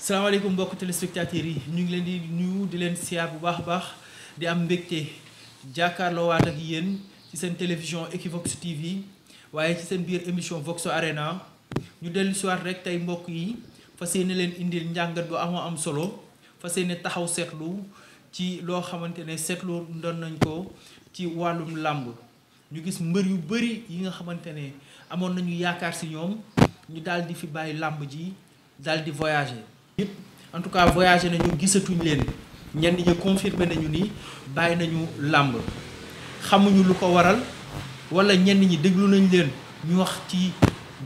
salaamaaleykum mbokk téléspectateurs yi ñu ngi leen di nuyu di leen siyaar bu baax a baax di am mbégte jàkkaarloo waat ak yéen ci seen télévision Equivox TV waaye ci seen biir émission Vox Arena ñu dellu si waat rek tey mbokk yi fas yéene leen indil njàngat bu amoon am solo fas yéene taxaw seetlu ci loo xamante ne seetlu doon nañ ko ci wàllum làmb ñu gis mbër yu bëri yi nga xamante ne amoon nañu yaakaar si ñoom ñu daal di fi bàyyi làmb ji daal di voyager. yëpp en tout cas voyagé nañu gisatuñ leen ñenn ñi confirmé nañu nii bàyyi nañu làmb xamuñu lu ko waral wala ñenn ñi déglu nañ leen ñu wax ci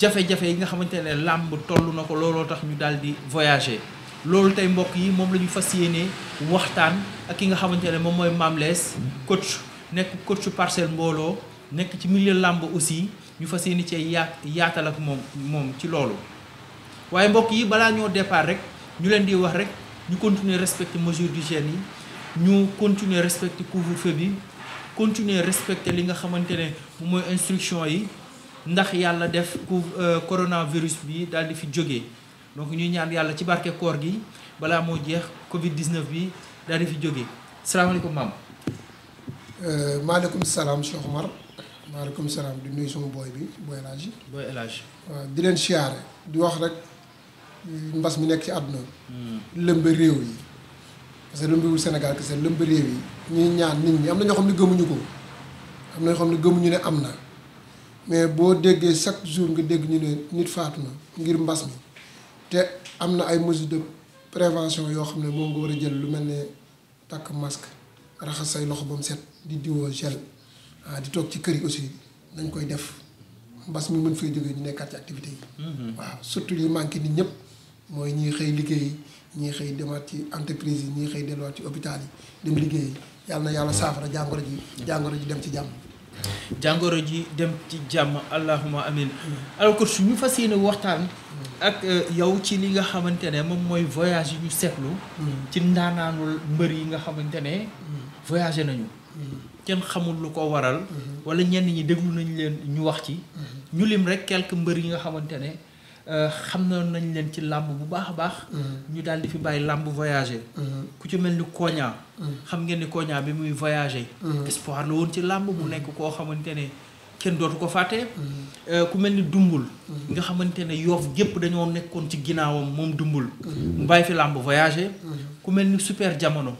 jafe-jafe yi nga xamante ne làmb toll na ko looloo tax ñu daal di voyagé loolu tey mbokk yi moom lañu fas yéene waxtaan ak ki nga xamante ne moom mooy Mame Less coach nekk coach parcelle Mbooloo nekk ci milieu làmb aussi ñu fas yéene cee yaat yaatal ak moom moom ci loolu waaye mbokk yi balaa ñoo départ rek ñu leen di wax rek ñu continuer respecter mesure d'hygiène yi ñu continuer respecter couvre-feu bi continuer respecter li nga xamante ne moom mooy instruction yi ndax yàlla def couvre euh, coronavirus bi daal di fi jóge donc ñuy ñaan yàlla ci barke koor gi balaa moo jeex Covid 19 bi daal di fi jógee salaamaaleykum maam. Euh, maaleykum salaam Cheikh Omar maaleykum salaam di nuyu sama booy bi booy El Hadj. booy El Hadj. di leen siyaare di wax rek. Mm-hmm. mbas mi nekk ci àdduna mm-hmm. lëmb réew yi parce que lëmbewul Sénégal kese lëmb réew yi ñuy ñaan nit ñi am na ñoo xam ne gëmuñu ko am na ñoo xam ne gëmuñu ne am na mais boo déggee chaque jour nga dégg ñu ne nit faatu na ngir mbas mi te am na ay mesures de prévention yoo xam ne moom nga war a jël lu mel ne takk masque raxas say loxo ba set di diwoo gel ah di toog ci kër yi aussi dañ koy def mbas mi mën fay jógee ñu nekkaat ci activité yi. Mm-hmm. waaw surtout li manqué nit ñëpp. mooy ñuy xëy liggéey ñuy xëy demaat ci entreprise yi ñiy xëy delluwaat ci hôpital yi dem liggéey yàlla na yàlla saafara jàngoro ji jàngoro ji dem ci jàmm jàngoro ji dem ci jàmm allahuma amin alors suñu ñu fas yéene waxtaan ak euh, yow ci li nga xamante ne moom mooy voyage yu ñu seetlu ci ndaanaanul mbër yi nga xamante ne voyagé nañu kenn xamul lu ko waral mm-hmm. wala ñenn ñi déglu nañu leen ñu wax ci mm-hmm. ñu lim rek quelques mbër yi nga xamante ne Euh, xam na nañ leen ci làmb bu baax a baax. Mm-hmm. ñu daal di fi bàyyi làmb voyager. Mm-hmm. ku ci mel ni Koña. Mm-hmm. xam ngeen ni Koña bi muy voyager. espoir la woon ci làmb mu nekk koo xamante ne kenn dootu ko fàtte. Euh, ku mel ni Dumbul. nga xamante ne yoof gépp dañoo nekkoon ci ginnaawam moom Dumbul. mu bàyyi fi làmb voyager. ku mel ni super jamono.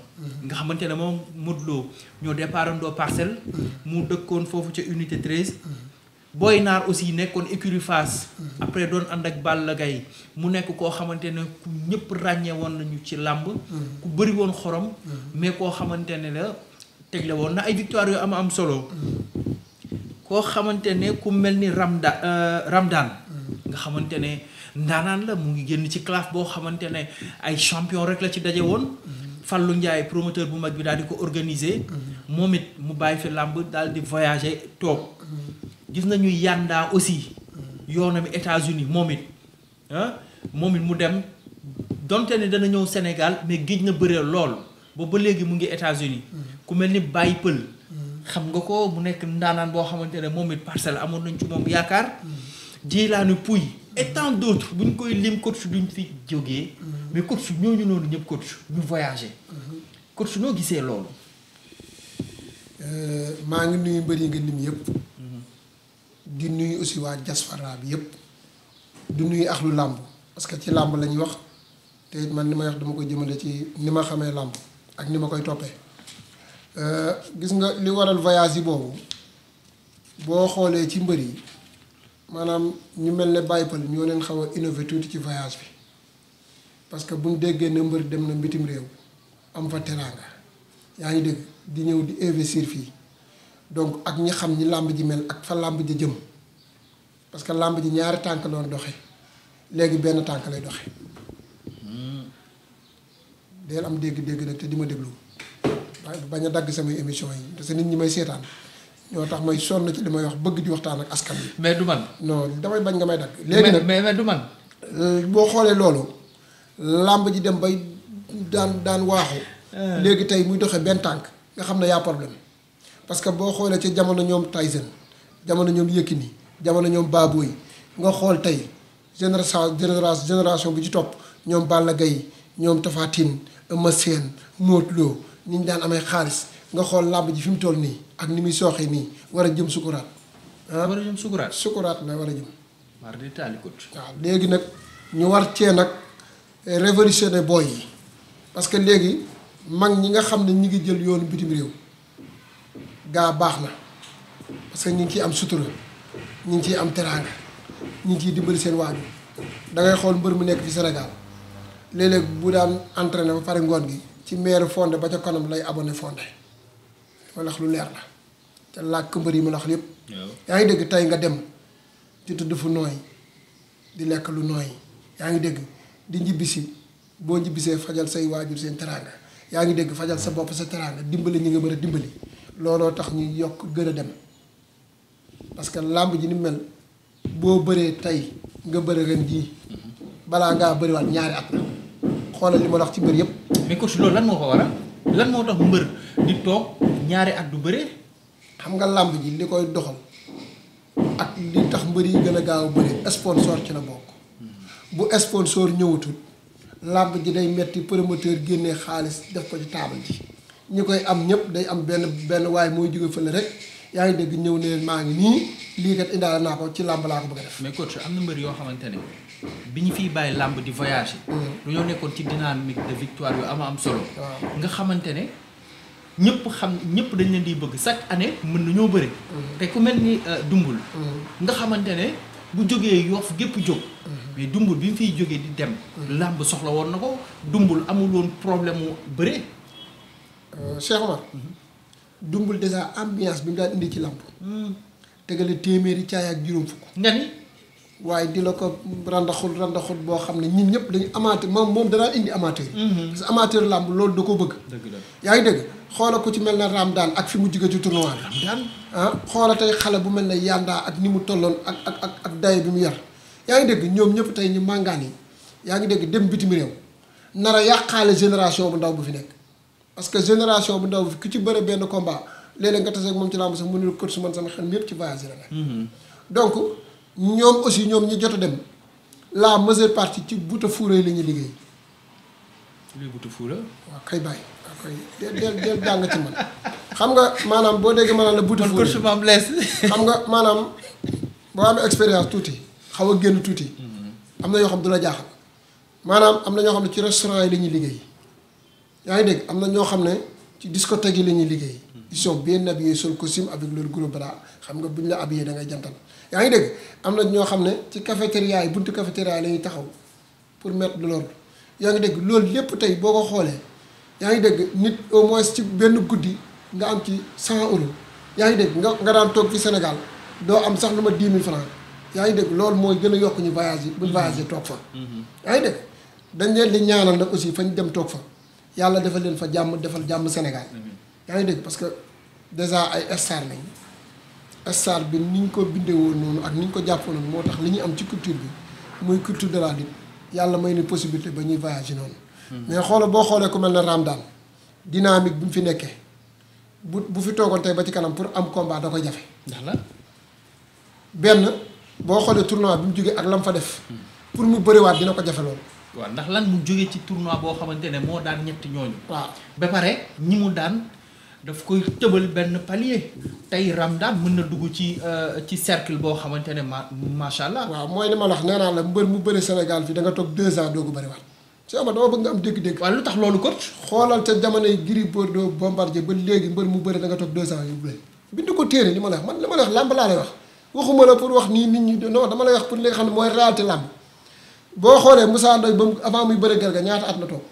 nga xamante ne moom Modou Lo ñoo départandoo parcelle. mu dëkkoon foofu ca unité 13. booy Naar aussi nekkoon écurie Fass après doon ànd ak Balla Gaye mu nekk koo xamante ne ku ñëpp ràññee woon nañu ci làmb ku bëri woon xorom mais koo xamante ne la tegle woon na ay victoire yu am am solo koo xamante ne ku mel ni Ramda euh, ramdaan nga xamante ne ndaanaan la mu ngi génn ci classe boo xamante ne ay champion rek la ci daje woon fallu Ndiaye promoteur bu mag bi daal di ko organiser mm-hmm. moom it mu bàyyi fi làmb daal di voyager toog gis nañu yàndaa aussi yoonam États-Unis moom it ah moom it mu dem donte ne dana ñëw Sénégal mais géej na bëree lool ba léegi mu ngi États-Unis mm. ku mel ni bàyyi Pël mm. xam nga ko mu nekk ndaanaan boo xamante ne moom it parcelle amoon nañ ci moom yaakaar Djilani mm. Pouy et tant d'autres bu ñu koy lim coach duñ fi jógee mais coach ñooñu noonu ñëpp coach ñu voyagé mm-hmm. coach noo gisee loolu euh, maa ngi nuy mbër yi nga lim yëpp di nuy aussi waa Diaspora bi yëpp du nuyu axlu làmb parce que ci làmb la ñuy wax te it man li may wax dama koy jëmale ci ni ma xamee làmb ak ni ma koy toppee euh, gis nga li waral voyage yi boobu boo xoolee ci mbër yi maanaam ñu mel ne Baye Pal ñoo leen xaw a innové tuuti ci voyage bi parce que buñ déggee ne mbër dem na mbitim réew am fa teraanga yaa ngi dégg di ñëw di investir fii donc ak ñi xam ñi làmb ji mel ak fa làmb ji jëm parce que làmb ji ñaari tànk doon doxe léegi benn tànk lay doxe deel am dégg-dégg nag te di ma déglu waaye bañ a dagg samay émission yi parce nit ñi may seetaan ñoo tax may sonn ci li may wax bëgg di waxtaan ak askan bi mais du man non damay bañ nga may dagg léegi nag mais mais du man euh, boo xoolee loolu làmb ji dem bay daan daan waaxu euh. léegi tey muy doxee benn tànk nga xam na yaa problème parce que boo xoolee ci jamono ñoom Tyson jamono ñoom nii jamono ñoom Baboy nga xool tey génération génération bi ci topp ñoom Balla Gaye ñoom Tapha Tine Eumeu Sène Modou ni ñu daan amee xaalis nga xool làmb ji fi mu toll nii ak ni muy sooxee nii war a jëm sukuraat. Ah? war a jëm war a jëm. war di taalikut. waaw léegi nag ñu war cee nag révolutionner booy yi parce que léegi mag ñi nga xam ne ñi ngi jël yoonu bitim réew. gaa baax na parce que ñu ciy am sutura ñu ngi ciy am teraanga ñu ngi ciy dimbali seen waajur dangay xool mbër mu nekk fi senegal léeg bu daan entraîné ba pare ngoon gi ci meeru fonde ba ca kanam lay abonné Fondé ma wax lu leer la te làkk mbër yi ma wax lépp. yaa ngi dégg tey nga dem ci tëdd fu nooy di lekk lu nooy yaa ngi dégg di njibbisi boo njibbisee fajal say waajur seen teraanga yaa ngi dégg fajal sa bopp sa teraanga dimbali ñi ngi mën a dimbali. looloo tax ñu yokk gën a dem parce que làmb ji ni mel boo bëree tey nga bëri ren jii balaa ngaa bëriwaat ñaari at xoolal li ma wax ci mbër yëpp. mais coach loolu lan moo ko waral lan moo tax mbër di toog ñaari at du bëree. xam nga làmb ji li koy doxam ak li tax mbër yi gën a gaaw a bëri sponsor ci la bokk bu sponsor ñëwatul làmb ji day metti promoteur génnee xaalis def ko ci taabal ji. ñu koy am ñëpp day am benn benn waaye mooy jóge fële rek yaa ngi dégg ñëw ne maa ngi nii lii kat indaale naa ko ci làmb laa ko bëgg a def. mais coach am na mbër yoo xamante ne bi ñu fiy bàyyi làmb di voyagé. Mm. dañoo nekkoon ci dynamique de victoire yu am am solo. nga xamante ne ñëpp xam ñëpp dañ leen di bëgg chaque année mën nañoo bëri. Mm. te ku mel ni euh, dumbul. Mm. nga xamante ne bu jógee yoof gépp jóg. mais dumbul bi mu fiy jógee di dem. làmb soxla woon na ko dumbul amul problème mu bëree. Cheikh Omar. dumbul dèjà ambiance bi mu daan indi ci làmp hmm. tegale téeméeri caay ak juróom fukk. waaye di la ko randaxul randaxul boo xam ne ñun ñëpp dañu amateur moom moom danaa indi amateur. Hmm. parce que amateur làmb loolu da ko bëgg. yaa ngi dëgg xoola ko ci mel na Ramadane ak fi mu jóge ci tournoi bi. Ramadane ah, xoola tey xale bu mel na Yanda ak ni mu tolloon ak ak ak ak daye bi mu yar. yaa ngi dégg ñoom ñëpp tey ñu màngaan yi yaa ngi dégg dem bitim réew nar a yàqaale génération bu ndaw bu fi nekk. parce que génération bu ndaw ku ci bëre benn combat léeg-léeg nga tase moom ci làmb sax mënul kër su man sama xel mi yëpp ci voyage la nekk. Mhm. ñoom aussi ñoom ñi jot a dem la majeure partie ci buta fuuree li ñuy liggéey. li buta fuuree. waaw kay bàyyi waaw kay del del jàng ci man xam nga maanaam boo déggee maanaam la buta fuuree xam nga maanaam boo amee expérience tuuti xaw a génn tuuti. Mhm. am na yoo xam du la jaaxal maanaam am na ñoo xam ne ci restaurant yi la ñuy liggéey. yaa ngi dégg am na ñoo xam ne ci discothèque yi la ñuy liggéey. Hmm. ils sont bien habillés sol costume avec leur gros bras xam nga bu la habillé da ngay jantal yaa ngi dégg am na ñoo xam ne ci cafétéria yi buntu cafétéria yi la ñuy taxaw pour mettre de l'ordre yaa ngi dégg loolu lépp tey boo ko xoolee yaa ngi dégg nit au moins ci benn guddi nga am ci 100 euros yaa ngi dégg nga nga daan toog fi Sénégal doo am sax lu ma 10 000 francs yaa ngi dégg loolu mooy gën a yokk ñu voyage hmm. yi toog fa hmm. yaa ngi dañ leen di ñaanal nag aussi fañ dem toog fa yàlla defal leen fa jàmm defal jàmm Sénégal yaa ngi dégg parce que déjà ay star lañ star bi ni ñu ko bindewoon noonu ak ni ñu ko jàppaloon moo tax li ñuy am ci culture bi muy culture de la lutte yàlla may ni possibilité ba ñuy voyager noonu hmm. mais xoolal boo xoolee ku mel ne Ramdan dynamique bi mu fi nekkee bu bu fi toogoon tey ba ci kanam pour am combat da koy jafe ndax la benn boo xoolee tournoi bi mu jógee ak la mu fa def hmm. pour mu bëriwaat dina ko jafe loolu waaw ndax lan mu jógee ci tournoi boo xamante ne moo daan ñetti ñooñu. waaw ba pare ñi mu daan daf koy tëbal benn palier. tey Ramdan mën na dugg ci euh, ci cercle boo xamante ne ma macha allah. waaw mooy li ma la wax nee naa la mbër mu da nga toog deux ans doogu bëri bëgg nga am dégg-dégg. waaw lu tax loolu ko xoolal ca jamonoy Gris Bordeaux Bombardier ba léegi mbër mu bëri da nga toog deux ans yu bëri ko téere li ma la wax man li ma la wax làmb laa lay wax waxuma la pour wax nii nit ñi non dama lay wax pour li nga mooy réalité làmb boo xoolee Moussa Ndoye ba mu avant muy bëre Garga ñaata at la toog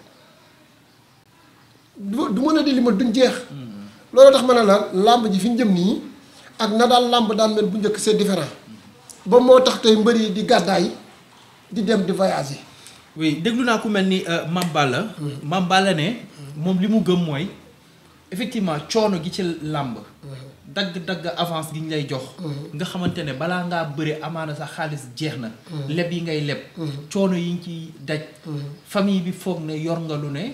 du mën a di li ma duñ jeex loolu tax ma ne la làmb ji fi ñu jëm nii ak na daal làmb daal mel bu njëkk c'est différent ba moo tax tey mbër yi di gàddaay di dem di voyager oui déglu naa ku mel ni euh, Mame Balla mm-hmm. Mame Balla ne mm-hmm. moom li mu gëm mooy effectivement coono gi ci làmb mm-hmm. dagg-dagg avance gi ñu lay jox. Mm-hmm. nga xamante ne balaa ngaa bëre amaana sax xaalis jeex na. Mm-hmm. leb yi ngay leb. Mm-hmm. coono yi nga ciy daj. famille bi foog ne yor nga lu ne.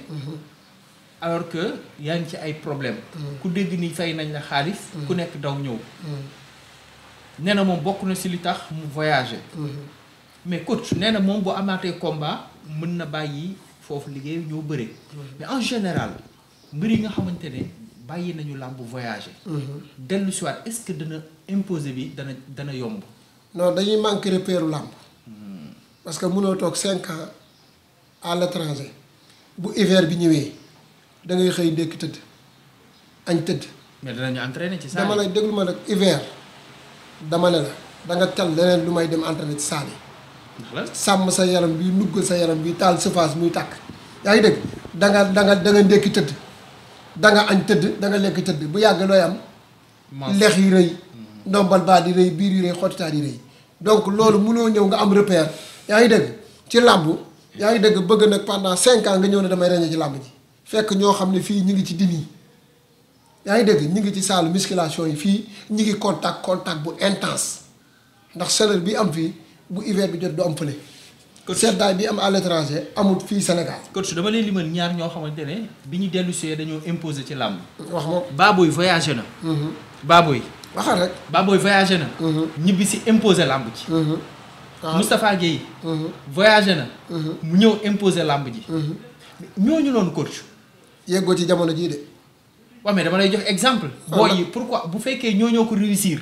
alors que yaa ngi ci ay problème ku dégg ni fay nañ la xaalis. ku nekk daw ñëw. nee na moom bokk na si li tax mu voyage mais coach nee na moom bu amaatee combat mën na bàyyi foofu liggéey ñoo bëre. mais en général mbir yi nga xamante ne. bàyyi nañu làmb voyager. Mhm. dellu si waat est-ce que dana imposer bi dana dana yomb. non dañuy manqué repéru làmb. Hmm. parce que munoo toog cinq ans à l'étranger bu hiver bi ñëwee da ngay xëy ndékki tëdd añ tëdd. mais danañu entraîner ci saal dama déglu ma nag hiver dama ne la da nga tal leneen lu may dem entraîner ci saal sàmm sa yaram bi nuggal sa yaram bi taal surface muy takk yaa ngi dégg da nga da nga da tëdd. da nga añ tëdd danga nga lekk tëdd bu yàgg looy am. lex yi rëy. Hmm. ndombal baa di rëy biir yi rëy xottitaat yi rëy. donc loolu mënoo ñëw nga am repère. yaa ngi dégg ci làmb yaa ngi dégg bëgg nag pendant cinq ans nga ñëw ne damay reñe ci làmb ji fekk ñoo xam ne fii ñu ngi ci din yi yaa ngi dégg ñu ngi ci saalu musculation yi fii ñu ngi contact contact bu intense ndax chaleur bi am fii bu hiver bi jot du am fële. seddaay bi am à l'étranger amul fii Sénégal. coach dama leen limal ñaar ñoo xamante ne bi ñu dellu see dañoo imposé ci làmb. wax moom Baboy voyagé na. Mhm. Baboy. waxal rek. Baboy voyagé na. Mhm. ñibbi si imposé làmb ji. waaw mhm. ah. Moustapha Guèye. na. mu ñëw imposé làmb ji. ñoo ñu noonu coach. yeggoo ci jamono jii de. waaw mais dama lay jox exemple. Ah, booy pourquoi bu fekkee ñoo ñoo ko réussir.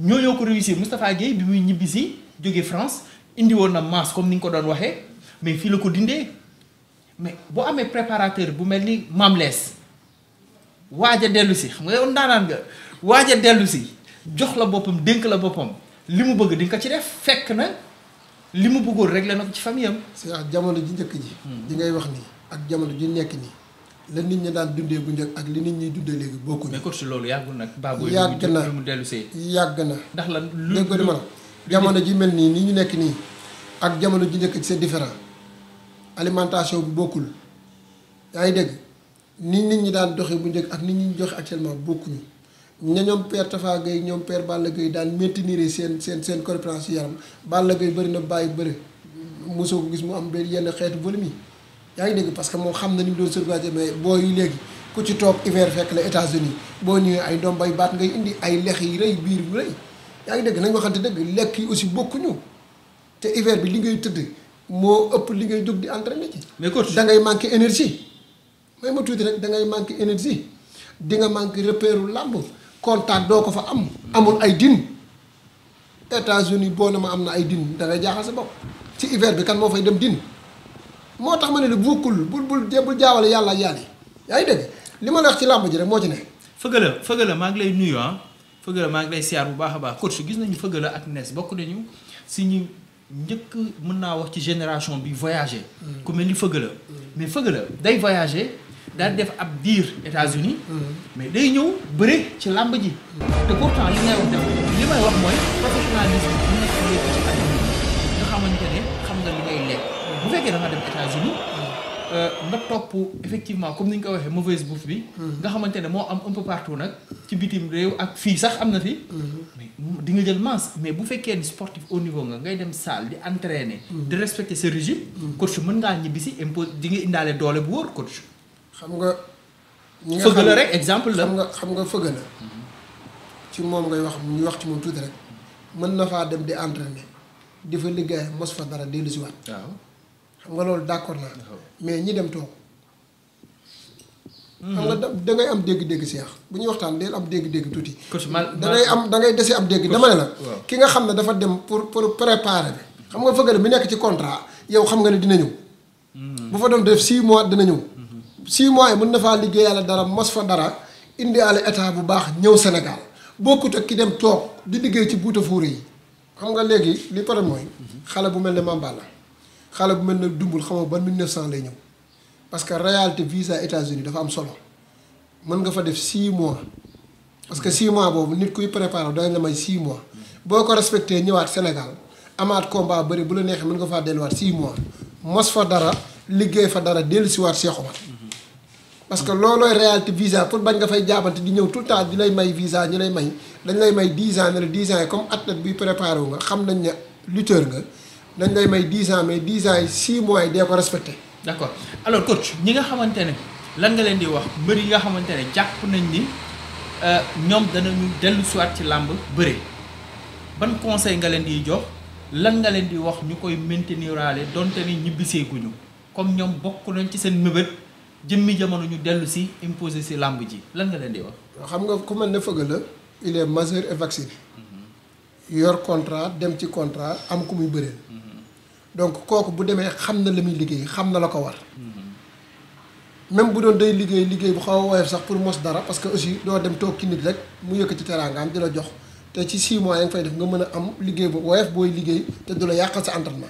ñoo ñoo ko réussir Moustapha Guèye bi muy ñibbi si jóge France. indi woon na masse comme ni nga ko doon waxee mais fii la ko dindee mais boo amee préparateur bu mel ni Mame Less waaj dellu si xam nga yow ndaanaan nga waaja a dellu si jox la boppam dénk la boppam li mu bëgg di ko ci def fekk na li mu bëggoon réglé na ko ci famille am. cest jamono ji njëkk ji. Hmm. di ngay wax nii ak jamono ji nekk nii. la nit ñi daan dundee bu njëkk ak li nit ñuy dundee léegi bokkuñu. mais coach loolu yàggul nag. baaboo yi mu dellu see yàgg na yàgg na. ndax lan lu dégg nga li ma la. jamono ji mel nii ni ñu nekk nii ak jamono ji nekk ci différent alimentation bu bokkul yaa ngi dégg ni nit ñi daan doxee bu njëkk ak nit ñi joxe actuellement bokkuñu ña ñoom père Tafa Gueye ñoom per Balla Gueye daan maintenir seen seen seen corpulence yaram Balla Gueye bëri na bàyyi bëri musoo ko gis mu am benn yenn xeetu volume yi yaa ngi dégg parce que moom xam na ni mu doon surveillé mais boo yi léegi ku ci toog hiver fekk la États-Unis boo ñëwee ay ndombay baat ngay indi ay lex yi rëy biir bu rëy. yaa ngi dégg nañ waxante dëgg lekk yi aussi bokkuñu te hiver bi li ngay tëdd moo ëpp li ngay jóg di entraîné ci. mais coach da ngay manqué énergie. may ma tuuti rek da ngay manqué énergie di nga manqué repéru làmb contact doo ko fa am. amul ay din États-Unis boo ne ma am na ay din dangay jaaxal sa bopp ci hiver bi kan moo fay dem din moo tax ma ne la buukul bul bul bul jaawale yàlla ak yàlla yi yaa ngi dégg li ma la wax ci làmb ji rek moo ci ne. fëgg la fëgg la maa ngi lay nuyu ah. Feugueleu maa ngi lay siyaar bu baax a baax coach gis nañu Feugueleu ak Ness bokk nañu si ñu njëkk mën naa wax ci génération bi voyagé. Mm. ku mel ni Feugueleu mm. mais Feugueleu day voyagé daal def ab diir États-Unis mm. mais day ñëw bëre ci làmb ji. te pourtant li ngay wax def li may wax mooy professionnalisme bu nekk léegi ci àdduna nga xamante xam nga li ngay lekk. bu fekkee da dem États-Unis euh, nga topp effectivement comme ni ñu ko waxee mauvaise bouffe bi. nga xamante ne moo am un peu nag. ci bitim réew ak fii sax am na fi. Mhm. di nga jël masse mais bu fekkee ni sportif au niveau nga ngay dem salle di entraîner. Mhm. di respecter sa régime. Mhm. coach mën ngaa si impose di nga indaale doole bu wóor coach. xam nga. ñi fëgg la rek exemple la xam nga xam nga fëgg la. ci moom ngay wax mu ñuy wax ci moom tuuti rek mën na faa dem di entraîner di fa liggéey mos fa dara dellusiwaat. waaw xam nga loolu d'accord naa mais ñi dem toog. xam nga da ngay am dégg-dégg seex bu ñuy waxtaan deel am dégg-dégg tuuti. da ngay am dangay ngay dese am dégg dama ne la. ki nga xam ne dafa dem pour pour préparer bi. xam nga ne bi nekk ci contrat yow xam nga ne dina ñëw. Hmm. bu fa doon def 6 mois dina ñëw. 6 mois yi mën na faa liggéeyal dara mos fa dara indi ale état bu baax ñëw senegal boo bokkut ak ki dem toog di liggéey ci buuta fuure yi. xam nga léegi li problème mooy. xale bu mel ne Mamballa xale bu mel ne Dumbul xam nga ban 1900 lay ñëw. parce que réalité visa États-Unis dafa am solo mën nga fa def 6 mois parce que 6 mois boobu nit kuy préparé dooñu la may 6 mois boo ko respecté ñëwaat Sénégal amaat combat bëri bu la neexee mën nga faa delluwaat 6 mois mos fa dara liggéey fa dara dellusiwaat Cheikh Omar parce que loolooy réalité visa pour bañ nga fay jaabante di ñëw tout le temps di lay may visa ñu lay may dañ lay may 10 ans comme athlète bi préparé wu nga xam nañ ne lutteur nga dañ lay may 10 ans mais 10 ans yi 6 mois yi dee ko respecté. d' accord alors coach ñi nga xamante ne lan nga leen di wax mbër yi nga xamante ne jàpp nañ ni euh, ñoom danañu dellu siwaat ci làmb bëre ban conseil nga leen di jox lan nga leen di wax ñu koy mainteniraale donte ni ñu comme ñoom bokk nañ ci seen mébét jëmmi jamono ñu dellu si imposé si làmb ji lan nga leen di wax. xam nga ku mel ne fëgg la il est majeur et vacciné. Mhm. yor contrat dem ci contrat am ku muy bëreel. donc kooku bu demee xam na la muy liggéey xam na la ko war même bu doon day liggéey liggéey bu xaw a woyof sax pour mos dara parce que aussi doo dem toog ci nit rek mu yëkk ci teraangaam di la jox te ci 6 mois ya nga fay def nga mën a am liggéey bu woyof booy liggéey te du la yàqal sa ma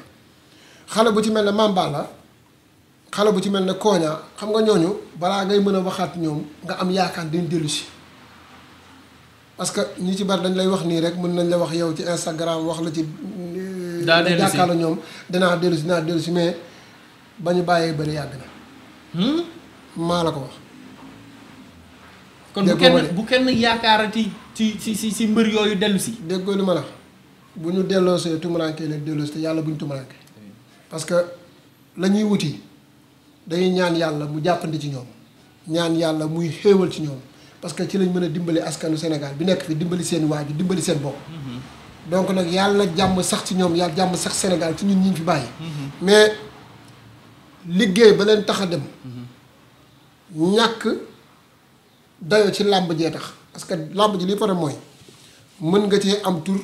xale bu ci mel ne Mamba la xale bu ci mel ne Koña xam nga ñooñu balaa ngay mën a waxaat ñoom nga am yaakaar dañ dellu si parce que ñi ci bari dañ lay wax nii rek mën nañ la wax yow ci Instagram wax la ci daa dellu si ñoom danaa dellusi si dinaa si mais ba ñu bàyyee bëri yàgg na. Hmm? maa la ko wax. kon bu kenn bu kenn yaakaarati ci ci ci ci mbër yooyu dellu si. déggoo li ma la bu ñu delloosee see tumuraanke leen si te yàlla bu ñu tumuraanke parce que la ñuy wuti dañuy ñaan yàlla mu jàppandi ci ñoom ñaan yàlla muy xéewal ci ñoom parce que ci lañ mën a dimbali askanu Sénégal bi nekk fii dimbali seen waajur dimbali seen bopp. Hmm. donc nag yàlla jàmm sax ci ñoom yàlla jàmm sax Sénégal ci ñun ñi fi bàyyi. mais liggéey ba leen tax a dem. ñàkk dayoo ci làmb jee tax parce que làmb ji li pare mooy mën nga cee am tur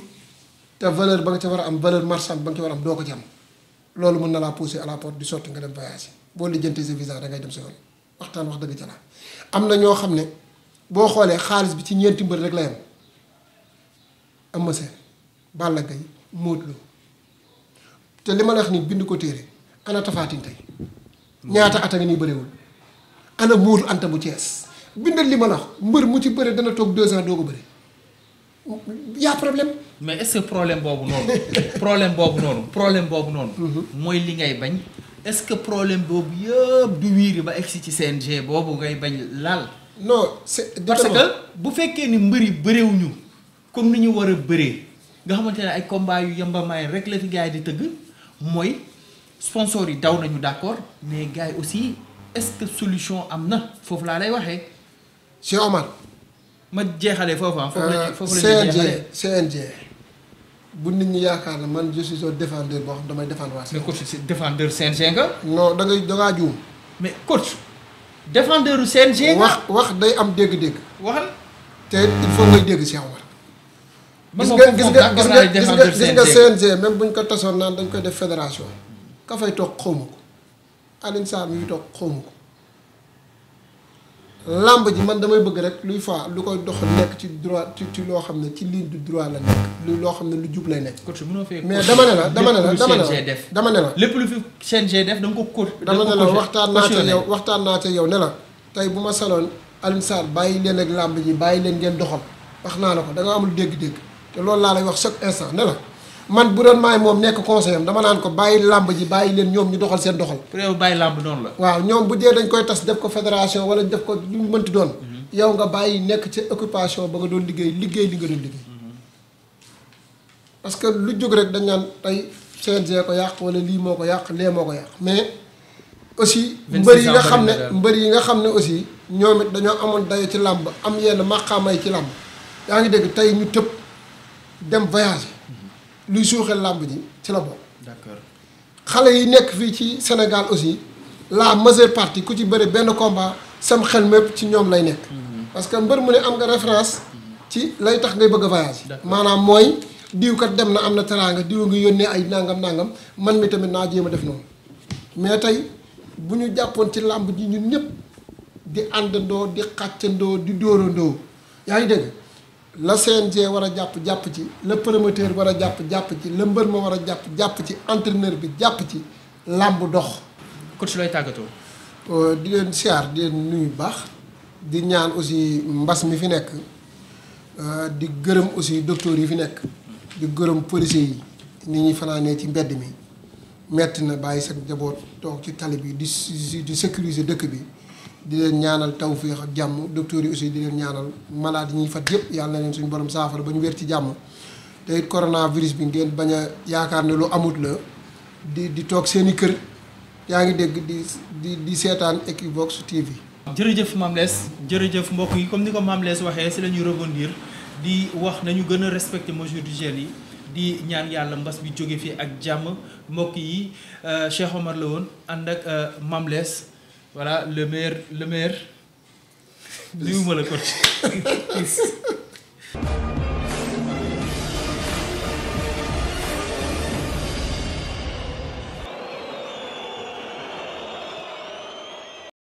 te valeur ba nga ci war a am valeur marchande ba nga ci war a am doo ko ci am loolu mën na laa pousser à la porte du sorte nga dem voyage boo lijjantee sa visa da dem si yoon waxtaan wax dëgg ca la am na ñoo xam ne boo xoolee xaalis bi ci ñeenti mbër rek la yam am ma seen Balla Gaye Modou Lo te li la wax ni bind ko téere ana Tapha ñaata at a ngi nii bëriwul ana Modou Anta bu Thiès bindal li ma la mbër mu ci bëre dana toog deux ans doo ko bëri yaa problème. mais est problème boobu noonu problème boobu noonu problème boobu noonu. mooy li ngay bañ. est-ce que problème boobu yëpp du wiiri ba egsi ci seen CNG boobu ngay bañ laal. no c'est parce que bu fekkee ni mbëri bëreewuñu comme ni ñu war a bëree. nga xamante ne ay combat yu yambamaay rek la fi gars yi di tëgg mooy sponsors yi daw nañu d'accord mais gars yi aussi est-ce que solution am na foofu laa lay waxee. Cheikh Omar. ma jeexalee foofu ah. foofu la euh, foofu la CNG CNG. bu nit ñi yaakaar ne man je suis un boo xam damay défendre waa CNG. mais coach c'est CNG nga. non da ngay da ngaa juum. mais coach. défendeur CNG nga. wax wax day am dégg-dégg. waxal. te il faut ngay dégg Cheikh Omar. gis nga gis nga gis nga gis nga gis nga CNG même buñ ko tasoon naan dañ koy def fédération ka fay toog xawma ko Alioune Sarr mi toog xawma ko làmb ji man damay bëgg rek luy faa lu koy dox nekk ci droit ci ci loo xam ne ci ligne du droit la nekk lu loo xam ne lu jub lay nekk. mais dama ne la dama ne la dama ne la dama ne la. lépp lu fi CNG def da nga ko ko dama ne la waxtaan naa ca yow waxtaan naa ca yow ne la tey bu ma saloon Alioune Sarr bàyyi leen ak làmb ji bàyyi leen ngeen doxal wax naa la ko da nga amul dégg-dégg. te loolu laa lay wax chaque instant ne la man bu doon maay moom nekk conseil am dama naan ko bàyyi làmb ji bàyyi leen ñoom ñu doxal seen doxal. prévu bàyyi làmb noonu la. waaw ñoom bu dañ koy tas def ko fédération wala def ko lu mënti doon. Mhm. yow nga bàyyi nekk ci occupation ba nga liggéey liggéey li nga doon mhm. que lu jóg rek dañ naan tey CNG ko yàq wala lii moo ko yàq lee moo ko yàq mais. aussi mbër yi xam ne mbër yi nga xam ne aussi ñoom dañoo amoon dayo ci làmb am yenn maqaamay ci làmb yaa ngi dégg tey ñu tëb dem voyager luy suuxel làmb ji ci la bokk. xale yi nekk fii ci Sénégal aussi la majeure partie ku ci bëri benn combat sam xel mépp ci ñoom lay nekk. Mhm. parce que mbër mu ne am nga référence. Mhm. ci lay tax ngay bëgg a voyager. maanaam mooy diw kat dem na am na teraanga diw ngi yónnee ay nangam nangam man mi tamit naa jéem a def noonu mais tey bu ñu jàppoon ci làmb ji ñun ñëpp di àndandoo di xàccandoo di dóorandoo yaa ngi dégg. la CNG war a jàpp jàpp ci la promoteur war a jàpp jàpp ci la mbër ma war a jàpp jàpp ci entraîneur bi jàpp ci làmb dox. coach looy tàggatoo. Euh, di leen siyaar di leen nuyu baax di ñaan aussi mbas mi fi nekk euh, di gërëm aussi docteur yi fi nekk di gërëm policier yi ni ñuy fanaanee ci mbedd mi metti na bàyyi sa njaboot toog ci tali bi di di sécuriser dëkk bi. di leen ñaanal tawféex ak jàmm docteur yi aussi di leen ñaanal malade yi ñuy fat yëpp yàlla na leen suñu borom saafara ba ñu wér ci jàmm te it coronavirus bi ngeen bañ a yaakaar ne lu amut la di di toog seen i kër yaa ngi dégg di di di seetaan Equivox TV. jërëjëf mamles jërëjëf mbokk yi comme ni ko Mame Less waxee si la ñuy rebondir di wax nañu gën a respecté mesures d'hygiène yi di ñaan yàlla mbas bi jóge fii ak jàmm mbokk yi euh, Cheikh Omar la woon ànd ak euh, Mame voilà le maire le maire. nuyu ma la ko